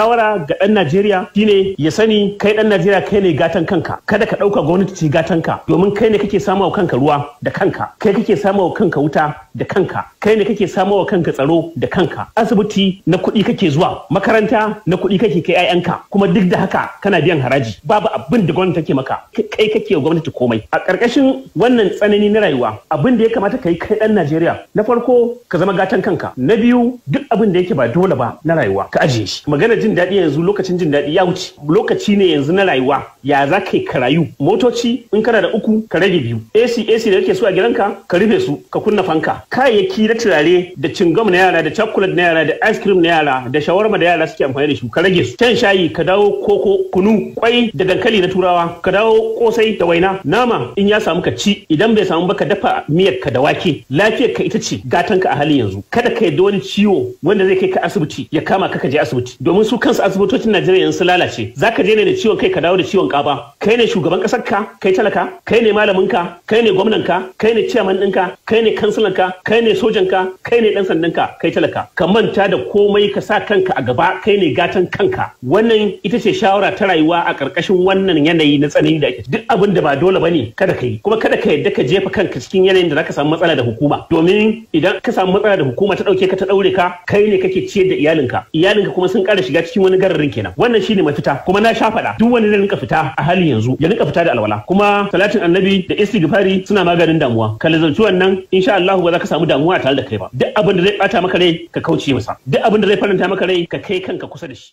shawara ga ɗan Najeriya shine ya sani kai ɗan Najeriya kai ne gatan kanka kada ka ɗauka gwamnati ce gatan ka domin kai ne kake samu kanka ruwa da kanka kai kake samu kanka wuta da kanka kai ne kake samo wa kanka tsaro da kanka asibiti na kuɗi kake zuwa makaranta na kuɗi kake kai 'ya'yanka kuma duk da haka kana biyan haraji babu abin da gwamnati take maka kai kake wa gwamnati komai a ƙarƙashin wannan tsanani na rayuwa abin da ya kamata ka yi kai ɗan Najeriya na farko ka zama gatan kanka na biyu duk abin da yake ba dole ba na rayuwa ka ajiye shi magana jin daɗi yanzu lokacin jin daɗi ya wuce lokaci ne yanzu na rayuwa ya za ka yi karayu? motoci in kana da uku ka rage biyu AC AC da kake so a gidanka ka rufe su ka kunna fanka kayayyaki na turare da cingam na yara da chocolate na yara da ice cream na yara da shawarma da yara suke amfani da shi ka rage su can shayi ka dawo koko kunu kwai da dankali na turawa ka dawo kosai da waina nama in ya samu ka ci idan bai samu ba ka dafa miyar ka da wake lafiyar ka ita ce gatan ka a halin yanzu kada ka yadda wani ciwo wanda zai kai ka asibiti ya kama ka ka je asibiti domin su kansu asibitocin Najeriya yanzu lalace Za ka je ne da ciwon kai ka dawo da ciwon kaba kai ne shugaban kasar ka kai talaka kai ne malamin ka kai ne gwamnan ka kai ne chairman ɗinka kai ne kansulan ka kai ne sojanka kai ne dan sandanka kai talaka ka manta da komai ka sa kanka a gaba kai ne gatan kanka wannan ita ce shawara ta rayuwa a ƙarƙashin wannan yanayi na tsanani da ake duk abin da ba dole bane kada ka yi kuma kada ka yadda ka jefa kanka cikin yanayin da zaka samu matsala da hukuma domin idan ka samu matsala da hukuma ta dauke ka ta daure ka kai ne kake ciyar da iyalinka iyalinka kuma sun kara shiga cikin wani gararin kenan wannan shine mafita kuma na sha duk wani zai rinka fita a halin yanzu ya rinka fita da alwala kuma salatin annabi da istighfari suna maganin damuwa kalazanci nan insha Allah ba za za ka samu damuwa tare da kai ba duk abin da zai bata maka rai ka kauce masa duk abin da zai faranta maka rai ka kai kanka kusa da shi